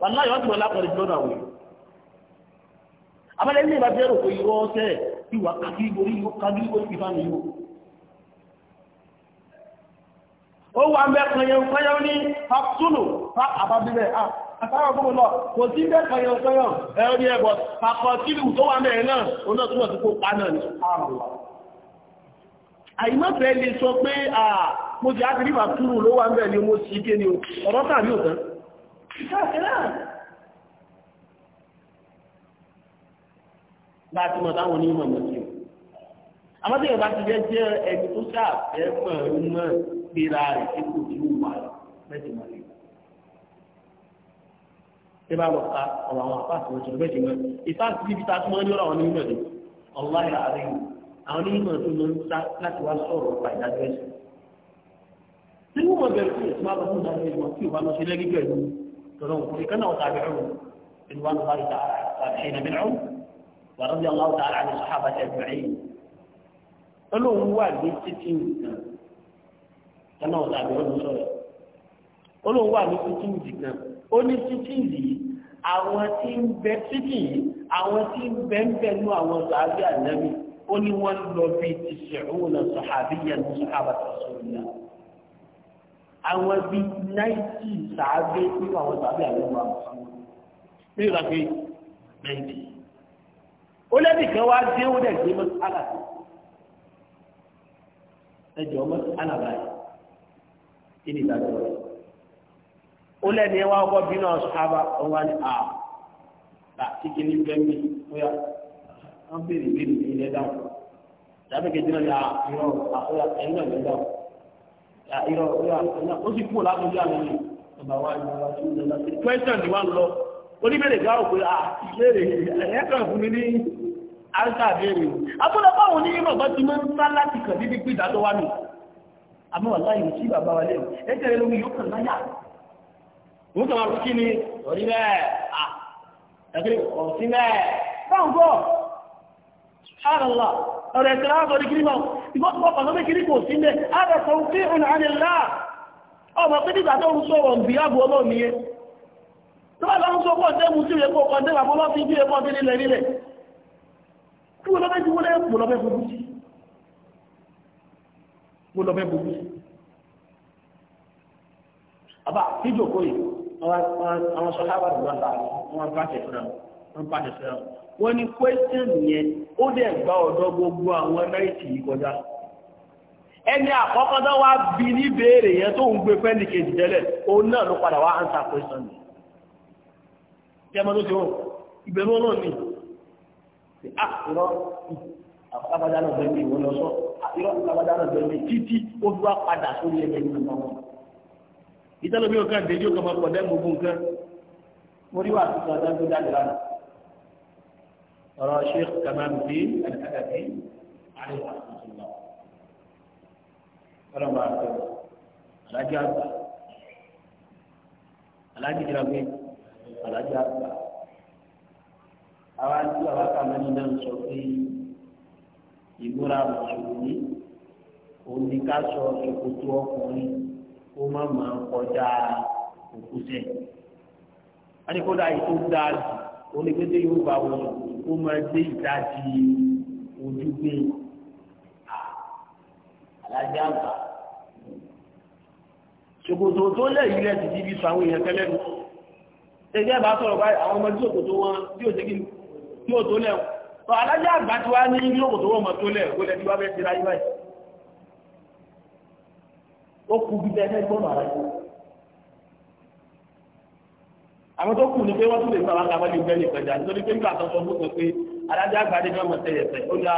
wàláyé ọ̀tí wọn lápọ̀ ìjọ náà wòye abẹ́lẹ́ ilé ìbájẹ́ rò pé irọ́ ọ̀tẹ́ ìwà kàbí orí yóò kàbí orí ìfà mi yóò ó wà mẹ́ kanyẹ̀ kanyẹ̀ ní fàtúnù fà àbábílẹ̀ à àtàwọn ọgbọ́n lọ kò sí mẹ́ kanyẹ̀ kanyẹ̀ ẹ̀rí ẹ̀bọ̀ fàkọ̀tílù tó wà mẹ́ náà ó náà túnbọ̀ tó kó pa náà ní àrùn àìmọ́fẹ́ lè sọ pé à mo jẹ́ àti ríwà túrù ló wà ń bẹ̀ ni mo sì ké ni ọ̀rọ̀ tàbí òtán láti mọ̀ táwọn onímọ̀ mọ̀ sí àmọ́ tí ìyọ̀bá ti jẹ́ jẹ́ ẹni tó ṣàfẹ́ pẹ̀lú mọ́ gbéra rẹ̀ tí kò tí ó wà mẹ́tìmọ̀ rẹ̀ tí bá lọ ka ọ̀rọ̀ àwọn àpá àti ọjọ́ mẹ́tìmọ̀ ìfáàsì bíbi ta tí wọ́n ní ọ̀rọ̀ àwọn onímọ̀ rẹ̀ ọ̀láyà àríyìn àwọn onímọ̀ tó lọ ń sá láti wá sọ̀rọ̀ ọ̀pá ìdájọ́ ẹ̀sìn. tí wọ́n mọ̀ bẹ̀rẹ̀ fún ìsúná lọ́dún náà ní ìmọ̀ tí ìwà lọ sí lẹ́gí pẹ̀lú tọ̀rọ̀ nǹkan ìkan náà tàbí ọ̀rọ̀ ìlú wọn bá rí tàbí ẹ̀nà bí ọ̀rọ̀ wà rọ́bí aláwọ̀ tààrà ní sàhábà tẹ̀ bẹ̀rẹ̀ yìí. ọlọ́run wà ní títí nǹkan ọlọ́run wà ní títí nǹkan ó ní títí yìí àwọn tí ń bẹ títí yìí àwọn tí ń bẹ ń bẹ nú àwọn sàábì ànábì ó ní wọ́n lọ bí tìṣẹ̀húnà sàhàbíyàn sàhàbàtà sọ̀rọ̀lá àwọn bí náìtì sàábé nínú àwọn tàbí àwọn ọmọ àwọn ní ìrọ̀lẹ́ náìtì ó lẹ́bí kan wá dé ó dẹ̀ gbé mọ́sí alàbá ẹjọ́ mọ́sí alàbá yìí ní ìdájọ́ rẹ̀ ó wá ọkọ̀ bínú ọ̀sán àbá ọ̀wá ní àà tà kíkiri bẹ́ẹ̀ mi ó yà wọ́n béèrè béèrè ní ilẹ̀ dáhùn tàbí kejì náà yà irọ́ àkóyà ẹ̀yìn náà lẹ́dà yà irọ́ àkóyà ẹ̀yìn náà ó sì kúrò lábẹ́jú àwọn ẹ̀yìn ọba wa ni wọ́n ti ń lọ sí question ni wọ́n lọ oníbèrè gbà ó pé à ìbéèrè ẹ̀yẹ́ kan fún mi ní áńsà béèrè abúlé báwo ni irọ́ bá ti máa ń sá láti kàn níbi pé ìdádọ́ wa nù àmọ́ wà láyé sí bàbá wa lẹ́nu ẹ̀jẹ̀ rẹ lómi yóò kàn láyà òun kàn máa rú kí ni orí bẹ́ẹ̀ à ẹ̀kẹ́ ọ̀sìn bẹ́ẹ̀ báwo gbọ́ ala ọ̀rọ̀ ẹ̀sẹ̀ láàbọ̀ ní kírímọ̀ ìgbọ́pọ̀ pàtàkì kiri kò sí ilẹ̀ àbẹ̀sọ̀ òkè òun ànílá ọmọ pé nígbà tó ń sọ̀rọ̀ ìbíyàbò ọlọ́ọ̀nìyẹ tó bá wọ́n bá wọ́n ní question yẹn ó dẹ̀ gba ọ̀dọ́ gbogbo àwọn ẹmẹ́rìtì yìí kọjá ẹni àkọ́kọ́ wá bí ní yẹn tó ń gbé fẹ́ni tẹ́lẹ̀ náà ló padà wá answer question ọ̀rọ̀ sheikh kamaluddin al-adabi عليه rahmatulah الله. àti alájà àgbà alájà ìjọba alájà àgbà àwa tí àwa kà mẹ́rin náà sọ pé ìmúra mùsùlùmí òní ká sọ ìkòtò ọkùnrin kó má máa kọjá òkúsẹ̀. wọ́n ní kó dáa yìí dáa òní pété yóò bá wọn lò ó máa dé ìdájí ojúgbé alájà àgbà ṣòkòtò tó lẹ̀ yìí lẹ́sì ti fi sọ àwọn èèyàn tẹ́lẹ̀ nù ẹgbẹ́ bá sọ̀rọ̀ báyìí àwọn ọmọdé ṣòkòtò wọn bí ó ṣe kí ní ó tó lẹ̀ sọ alájà àgbà tí wá ní ní ṣòkòtò wọn mọ̀ tó lẹ̀ kó lẹ́ tí wá fẹ́ ti ráyé báyìí ó kú bí bẹ́ẹ̀ gbọ́nà ara àwọn tó kù ní pé wọ́n tún lè sọ àwọn àbájú bẹ́ẹ̀ lè pẹ̀jà nítorí pé nígbà tó sọ fún mi pé adájọ́ àgbà dé fẹ́ẹ́ mọ̀ tẹ̀yẹ̀ tẹ̀ ó yà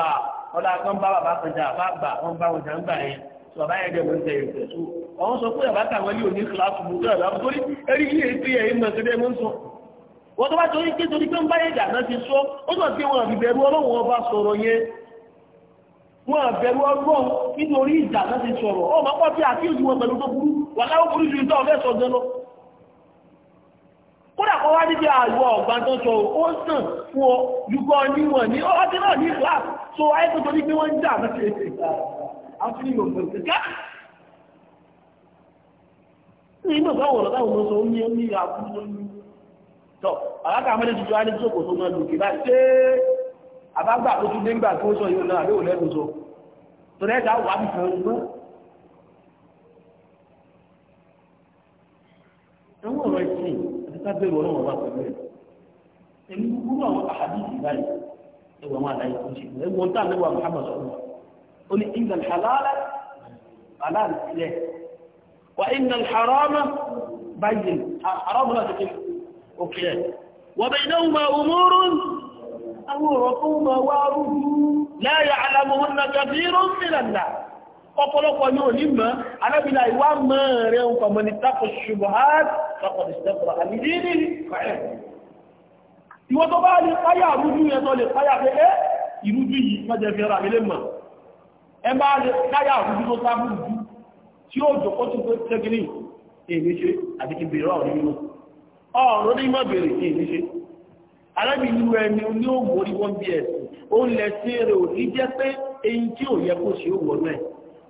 ọ̀là kan bá bàbá kan jà bá bà wọ́n bá wọn jà ń bà yẹn tó bàbá yẹn dẹ̀mọ̀ tẹ̀yẹ̀ tẹ̀ tó ọ̀hún sọ pé bàbá káwọn ilé òní kíláàsì mú tó yàrá torí erí yìí ti yẹ ìmọ̀ tó dẹ́mọ̀ sọ. wọ́n tó bá torí pé torí pé ń bá yẹn jà náà ti sọ ó sọ pé wọn àbí bẹ̀rù nítorí ìjà náà ti sọ̀rọ̀ ọ̀ máa pọ̀ sí àkíyèsí wọn pẹ̀lú tó burú wàhálà ó burú ju ìtọ́ ọ̀fẹ́ sọ gan lọ kódà kó wá níbi àwọ̀ ọ̀gbọ́n tó sọ ó sàn fún ọ lùkọ́ níwọ̀n ní ọdún náà ní ìlà so ayé tó torí pé wọ́n ń jà mẹ́tẹ̀ẹ̀tẹ̀ àfihàn ìgbòmọ̀ ìgbẹ́gá ní inú ìgbàwọ̀ ọ̀rọ̀ táwọn ọmọ sọ ní ẹni àbúrò ní tọ́ àlákà amẹ́lẹ́ tuntun á ní sọ́kò tó máa lùkì báyìí ṣé àbágbà tó tún dégbà tó sọ yóò náà yóò lẹ́nu sọ àwọn ọ̀rọ̀ lábẹ́rù ọlọ́wọ́ wa pẹ̀lú ẹ̀ èmi kúkúrú àwọn àhàdìsì báyìí ẹ wọ àwọn àlàyé tó ṣe ẹ wọ táwọn ẹwà Muhammad sọ̀rọ̀ ó ní ìgbà halálà halálà tilẹ̀ wà ìgbà harama báyìí harama náà ti òkè ẹ̀ wà bẹ̀ ìdáhùn máa umurun àwọn ọ̀rọ̀ tó máa wá rúdú láyà àlàmùhùn ọ̀pọ̀lọpọ̀ ní òní mọ́ alábìlá ìwá mọ́ rẹ̀ ń kọmọ ní tako ṣubuhat sọpọ̀lì sẹ́pọ̀lọ̀ àmìdí ní ìfẹ́ ìwọ tó bá lè páyà rújú yẹn tó lè páyà pé ẹ́ ìrújú yìí mọ́jẹ fi ra ilé mọ̀ ẹ bá lè páyà rújú tó sáfù jù tí ó jòkó tí ó tẹ́gìrì èyí ṣe àti kí bèrè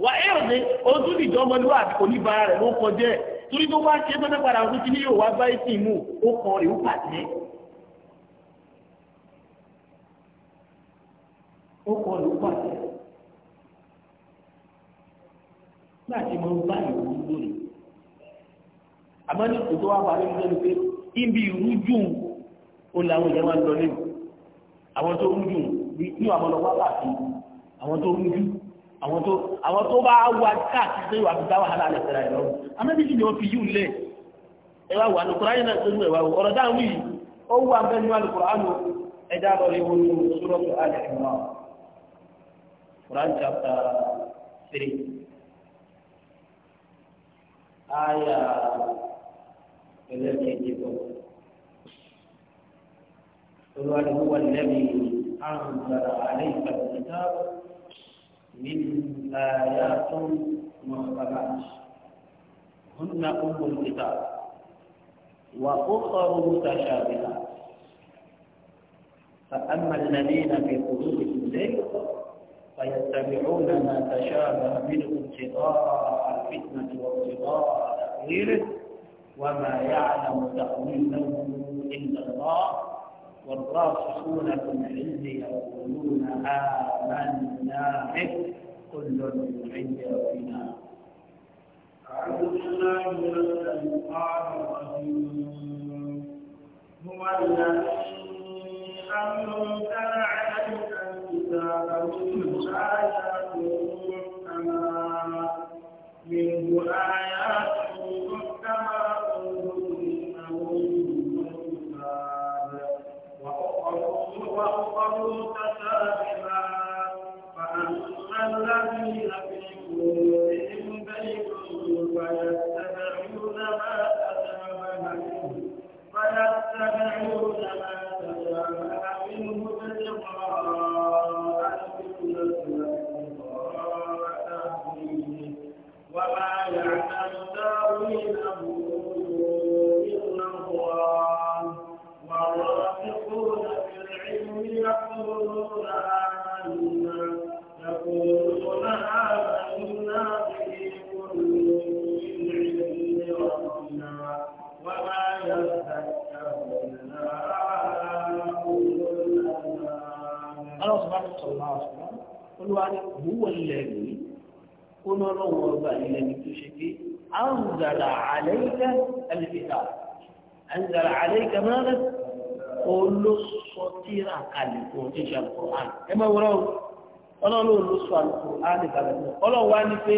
wà á yọ̀ ní ohun tó dìjọ́ ọmọlúwà àti oníbàárà rẹ̀ ló kọjá ẹ̀ torí tó wá ṣe é tọ́jú padà fún kíní yóò wá bá ìsì mú ó kọ rè pàdé ó kọ rè pàdé nígbà tí mo bá ìwú lórí àmọ́ ní kò tó wá wà lórí lórí pé ibi ìrújú ó làwọn èèyàn máa lọ lẹ́nu àwọn tó rújú ní àwọn ọlọ́wọ́ àti àwọn tó rújú. àwọn tó àwọn tó bá wá káàkiri tó wàhálà amẹ́bíjì ni fi yíù lẹ̀ ẹ wà lóko ráyìn náà tóbi ẹ̀wà ọ̀rọ̀ dáhùn yìí ó wù abẹ́ ní alùpùpù àlù ẹ̀dá lọ rí ní sọ́rọ́tù alẹ́ ìmọ̀ Quran chapter three aya ẹlẹ́kẹ̀ẹ́jì bọ̀ من آيات محكمات هن أم الكتاب وأخر متشابهات فأما الذين في قلوبهم زيغ فيتبعون ما تشابه منه ابتغاء الفتنة وابتغاء تأويله وما يعلم تأويله إلا الله والراسخون في العلم يقولون آمنا به كل من عند ربنا أعوذ بالله من الشيطان الرجيم هو الذي أنزل عليك الكتاب منه آيات محكمات منه آيات lọ́lọ́wọ́ ọba ilẹ̀ ní tó ṣe pé anzala alayka al-kitab anzala alayka mọ́lá olóṣọtíra kalẹ̀ fún ọtíṣà kọ̀ọ̀án ẹ máa wọ́rọ̀ ọlọ́run olóṣọ àlùkọ̀ọ̀án ìbàdàn ọlọ́run wá ní pé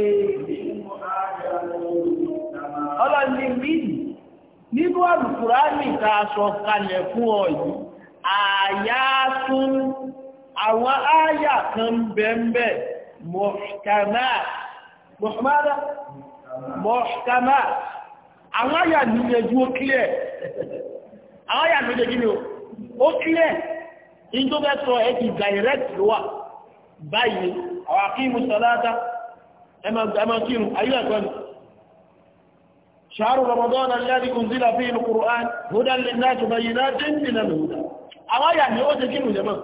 ọlọ́run ní bíi nínú àlùkùránì ta sọ kalẹ̀ fún tún àwọn áyà kan bẹ́ẹ̀ mọ̀ṣkàmáà mọ̀hàmádá mọ̀hàmá àwọn àyà ní ẹjú ó kílẹ̀ àwọn àyà ní ẹjú ó ó kílẹ̀ in tó bẹ́ sọ ẹ̀ ti direct ló báyìí àwọn akíyìmù sọ́láta ẹmọ kírù ayúwẹ̀kọ́ni شهر رمضان الذي أنزل فيه القرآن هدى للناس بينات من الهدى àwọn àyà ni ó ti kí ìjẹmọ́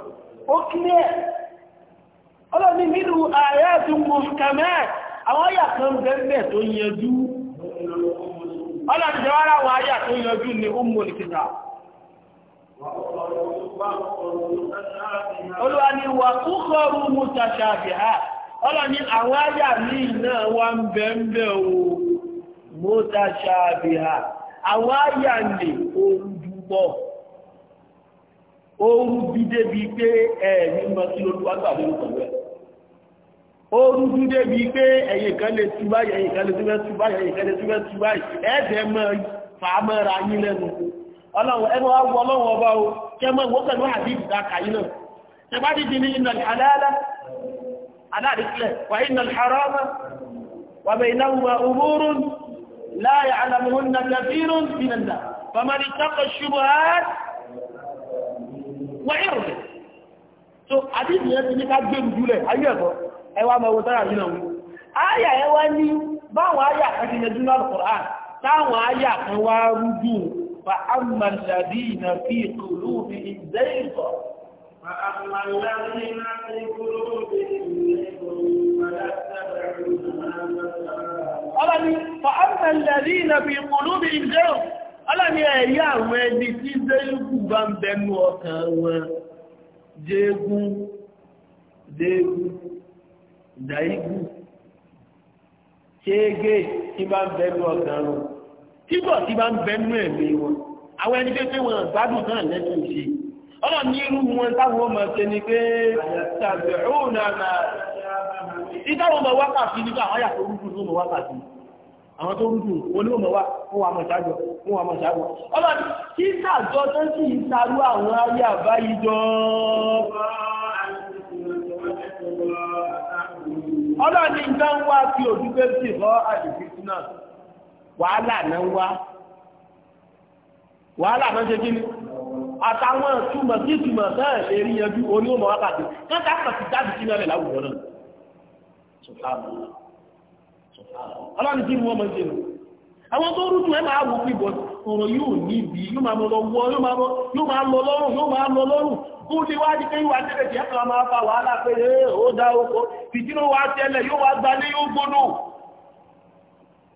ó kílẹ̀ ọlọ́ni nínú àyà tún mọ̀ kàmẹ́ẹ̀ àwọn àyà kan bẹ́ẹ̀ tó yanjú ọlọ́dún jẹ́ wọ́n láwọn tó ni ó mú olúwa ni wà kúkọrù mutashabiha ọlọ́ni àwọn àyà ní náà wà ń bẹ́ẹ̀ o mutashabiha àwọn àyà ní oòrùn dúpọ̀ oòrùn dídé bíi pé ẹ̀ẹ̀mí mọ́ sí olúwa ó rújú débi pé ẹ̀yìn kan lè tú báyìí ẹ̀yìn kan lè tú bẹ́ tú báyìí ẹ̀yìn kan lè tú bẹ́ tú báyìí ẹ̀ẹ́dẹ̀ mọ́ fàámọ́ra yín lẹ́nu ọlọ́run ẹnu wá wọ ọlọ́run ọba o kẹmọ́ ìwọ́ ní iná aláàlá aláàdíkílẹ̀ wà so àdíjì ti ní ká gbé rùdúlẹ̀ ayé ẹ̀kọ́ ẹwà mọ̀ ewúsára yìí náà wí. Àyà ní báwọn àyà kan ti yanjú náà táwọn àyà kan wá fa amma alladhina fi qulubihim zayg. Fa amma fi fa Ọlọ́ni ẹ̀yí àwọn ẹni tí Zéyúkù bá ń bẹnu ọkàn wọn. dàígù ṣéégé tí bá ń bẹnu ọ̀gá wọn tíbọ̀ tí bá ń bẹnu ẹ̀mí wọn àwọn ẹni pé wọn gbádùn náà lẹ́sùn sí ọ̀nà ní irú wọn táwọn ọmọ ṣe ni pé tàbí òun náà ìtàwọn ọmọ wákàtí nígbà àwọn yàtọ̀ orúkú ló mọ wákàtí àwọn tó ń dùn onímọ̀ fún wa mọ̀ṣájọ́ fún wa mọ̀ṣájọ́ ọba tí sàjọ́ tó sì ń sarú àwọn ayé àbáyíjọ́ ọlọ́ọ̀ni nǹkan ń wá sí òdúgbò sí ìhọ́ àdìsítínà wàhálà náà ń wá wàhálà náà ṣe kí àtàwọn ìtumọ̀ sí ìtumọ̀ yanjú wákàtí sí láwùjọ náà kí ni wọ́n ń ṣe àwọn tó rúdùn ẹ̀ ọ̀rọ̀ yóò níbi yóò máa lọ lọ́wọ́ yóò máa lọ lọ́rùn yóò máa lọ lọ́rùn ní wá ní pé tẹ́lẹ̀ tí ẹ̀kọ́ máa fa wàhálà pé ó dá oko fìdínú wá tẹ́lẹ̀ yóò wá gba ní yóò gbóná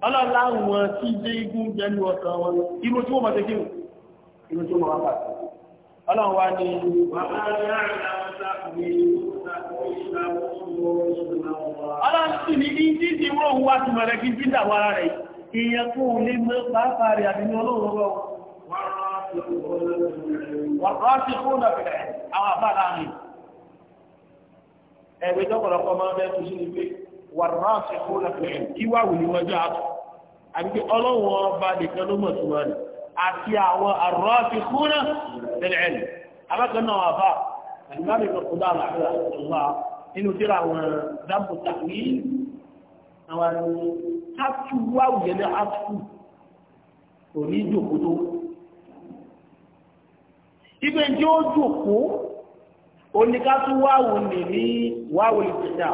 ọlọ́lá wọn tí dé igun jẹnu wọn ìyẹn kó lè mọ́ pàápàá rẹ̀ àbí ọlọ́run rọ̀ wọ́n ti kó nà bẹ̀rẹ̀ àwọn àbá láàrin ẹ̀wẹ̀ tọ́pọ̀lọpọ̀ máa bẹ́ẹ̀ tó sí ni pé wàrán ti kó nà bẹ̀rẹ̀ kí wà wù ní wọ́n jẹ́ àtọ̀ àbí pé ọlọ́run ọba nìkan ló mọ̀ tó wà ní àti àwọn àwọn àwọn átú wá òyẹ̀lẹ̀ átú kò ní jòkó tó ibẹ̀ tí ó jòkó oníkátú wáwò lè ní wáwò lè tẹ̀dá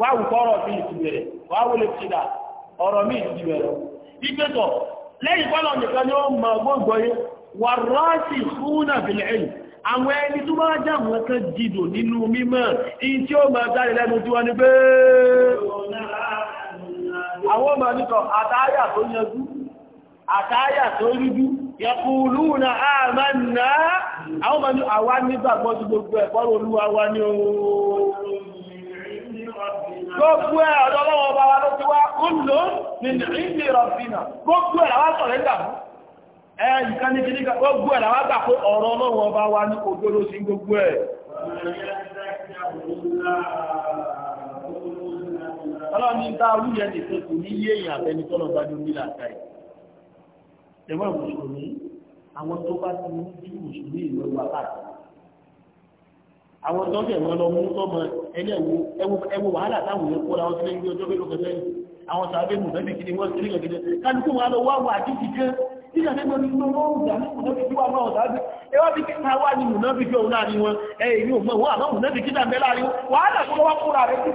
wáwò kọ́rọ̀ bí ìtìbẹ̀rẹ̀ wáwò lè tẹ̀dá ọ̀rọ̀ mí ìtìbẹ̀rẹ̀ ìgbẹ́tọ̀ lẹ́yìn kọ́lọ̀ nìkan ni ó mọ̀ gbogbo yẹ wà rọ́ọ̀sì fún àbìlẹ̀ àwọn ẹni tó bá jáwọn kan jìdò nínú mímọ̀ in tí ó mọ̀ dáre lẹ́nu tí wọ́n ni bẹ́ẹ̀ àwọn ọmọ nítọ̀ àtàyà tó yanjú àtàyà tó ríjú yẹkùlú na àmà nà àwọn ọmọ ní àwa nígbàgbọ́ sí gbogbo ẹ̀kọ́ olúwa wa ní ooo gbogbo ẹ̀ ọ̀dọ́ lọ́wọ́ bá wa ló ti wá kúlò ní ìdí gbogbo ẹ̀ làwọn sọ̀rọ̀ ní kìdíkà ọlọ́ni tá a wúyẹ nìkan kò ní yé èèyàn àtẹni tọ́lọ̀ bá ní onílà àtàì ẹ̀wọ́n mùsùlùmí àwọn tó bá ti mú bí mùsùlùmí ìlú wa káàkiri àwọn tó bẹ̀ wọn lọ mú tọ́mọ ẹlẹ́wọ̀ ẹwọ wàhálà táwọn yẹn kóra wọn sílẹ̀ ní ọjọ́ mélòó kẹsẹ́ àwọn sàbẹ̀ mùsùlùmí kìíní wọ́n sílẹ̀ gẹ̀gẹ̀dẹ̀ kálukú wọn lọ wá wà àdìsí kan nígbà tẹ́gbẹ́ ní ló mọ́ òjà ní mùnáfikí wà náà sáájú ẹwà bí kí ta wá ní mùnáfikí ọ̀hún láàrin wọn ẹ̀yìn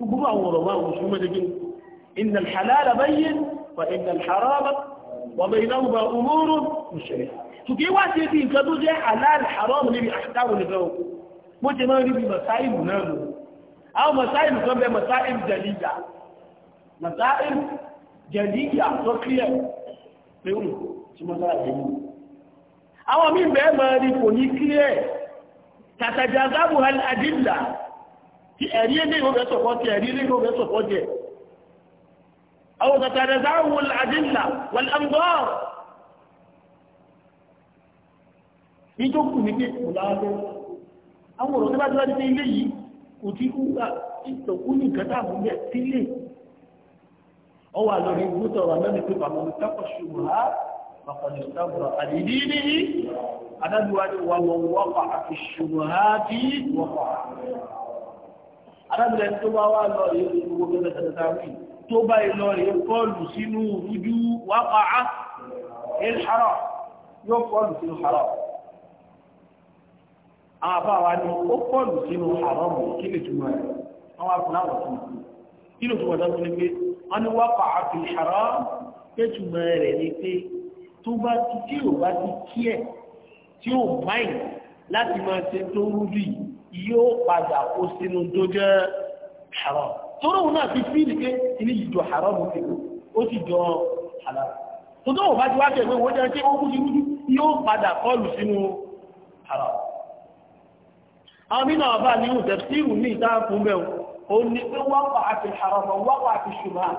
gbogbo àwọn ọ̀rọ̀ wa òṣù mẹ́lẹ́gbẹ́ inna al-halala bayyin wa inna al-harama wa baynahuma umurun mushtabiha tùkí wá sí ibi nǹkan tó jẹ́ halal haram níbi àṣìkáwò nìkan o bó jẹ máa ń masáìlù náà lò àwọn masáìlù kan bẹ masáìlù jẹlíyà masáìlù jẹlíyà tó kílẹ̀ pé ó ti mọ́sára jẹlíyà àwọn míì bẹ́ẹ̀ máa rí kò ní kílẹ̀ tàtàjà gábù hal tí ẹ̀rí ilé yóò bẹ́ sọ̀pọ̀ tí ẹ̀rí ilé yóò bẹ́ sọ̀pọ̀ jẹ́ أو تتنازعه الأدلة والأنظار ìjọ kù ní pé kò láàbẹ́ àwọn ọ̀rọ̀ tó bá tíwá dípé ilé yìí kò tí kú wà ìtọ̀kú ní nǹkan tààbù ní ẹ̀tílé ọwà lórí ìgbótọ̀ ọ̀rọ̀ mẹ́rin pé bàbá mi tápọ̀ ṣùgbọ́n àpàdé sábà àdìdí ní adájúwájú wà wọ́n wọ́pàá àti ṣùgbọ́n arábìnrin tó bá wà lọ rèé fún gbogbo gẹ́gẹ́ tẹ̀tẹ̀ta wí tó bá ìlọ rèé kọlù sínú rújú wákàá ìlhárọ̀ yóò kọlù sínú hárọ̀ àwọn àbáwa ni ó kọlù sínú hárọ̀ mọ̀ kí lè túmọ̀ rẹ̀ àwọn tó ń kí lè túmọ̀ dájú ni pé wọ́n ní wákàá fi hárọ̀ pé túmọ̀ rẹ̀ ni pé tó bá ti tí ò bá ti kí ẹ̀ tí ò máì láti máa ṣe tó rújú yìí yóò padà kó sínú tó jẹ́ haram tóró wọn náà fi fíìlì pé ilé ìjọ haram ti kò ó sì jọ halal tó tó wọ́n bá ti wá tẹ̀lé wọ́n jẹ́ pé ó kú sí rújú yóò padà kọlù sínú haram àwọn mínà ọba ní ìhùn tẹ̀síìrù ní ìta fún bẹ́ẹ̀ ó ní pé wáwà àti haram wáwà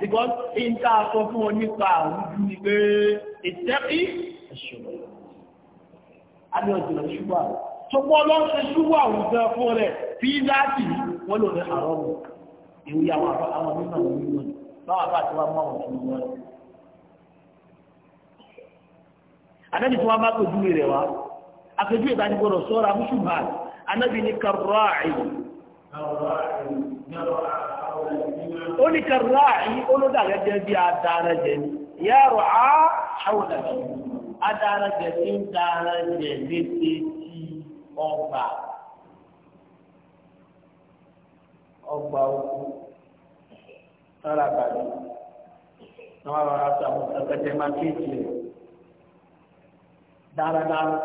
because in ta sọ fún ọ nípa àrújú ni pé ìtẹ́kí ẹ̀ṣùgbọ́n àbí ọjọ́ ṣúgbà ṣùgbọ́n lọ́n ṣe ṣúgbà òjò fún rẹ̀ fi láti wọ́n lò ní àrọ́mù ìwé àwọn àwọn mímọ̀ wọn mímọ̀ báwa bá ti wá mọ́ fún wọn. àdẹ́bí tí wọ́n bá kojú rẹ̀ wá àpèjú ìbánigbọ́dọ̀ sọ́ra mùsùlùmá ànábì ní karra'i ó ní karra'i ó ló dàgẹ́gẹ́ bí adarajẹ yàrá àwọn àṣàwọ̀dàgẹ́ adarajẹ tí ń darajẹ létí tí ọgbà ọgbà òkú sára bàbí náà wà láti àwọn ẹgbẹjẹ máa kéèkì rẹ dáradára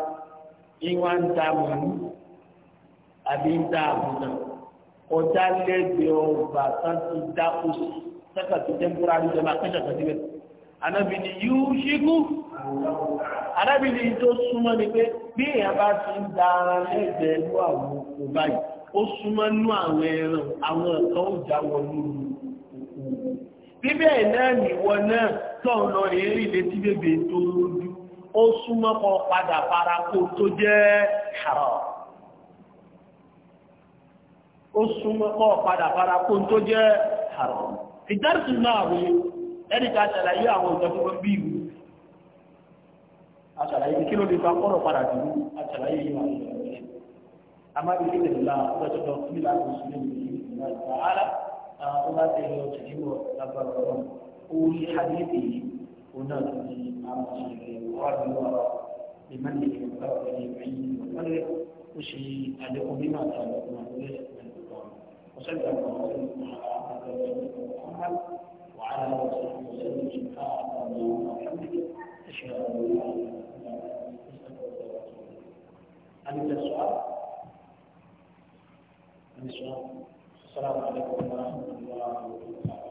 ìwà ń da mọ̀nú àbí ń da àbùdàn ọjà lẹ́gbẹ̀ẹ́ ọgbà kan ti dákú sí sẹ́kà tó jẹ́ múra níjọba akẹ́kọ̀ọ́ síbẹ̀. anábì ni yíó ṣíkú anábì ni tó súnmọ́ ni pé bí bá ti ń da ara lẹ́gbẹ̀ẹ́ lú àwọn òkú báyìí ó súnmọ́ nú àwọn ẹran àwọn nǹkan ó já wọn lóru bíbẹ̀ náà nìwọ náà tó lọ èrí létí bèbè tó lójú ó súnmọ́ kọ padà parako tó jẹ́ haram ó ẹni ká ṣàlàyé àwọn ìjọ tó ń bí ìlú aṣàlàyé kí ló lè fa kọ́rọ̀ padà dùn aṣàlàyé yìí wà nínú ìlú amábi kí lèmi la lọ́jọ́dọ̀ kí lè àwọn ìṣúlẹ̀ mi kí lè la ara ó bá tẹ̀ lọ sí ìwọ̀ lágbára ọ̀rọ̀ ó yí hadith yìí náà lọ sí àwọn ìṣẹ̀lẹ̀ wà nínú ọ̀rọ̀ ìmọ̀lẹ̀ ìgbà ọ̀rẹ́ ìgbẹ̀yìn ìgbàlẹ̀ ó ṣe àlékún mímọ̀ àti àlékún àti وعلى رسوله وسلم سبحانك اللهم أشهد أن لا إله إلا أنت أستغفرك وأتوب إليك. عندك سؤال؟ السلام عليكم ورحمة الله وبركاته.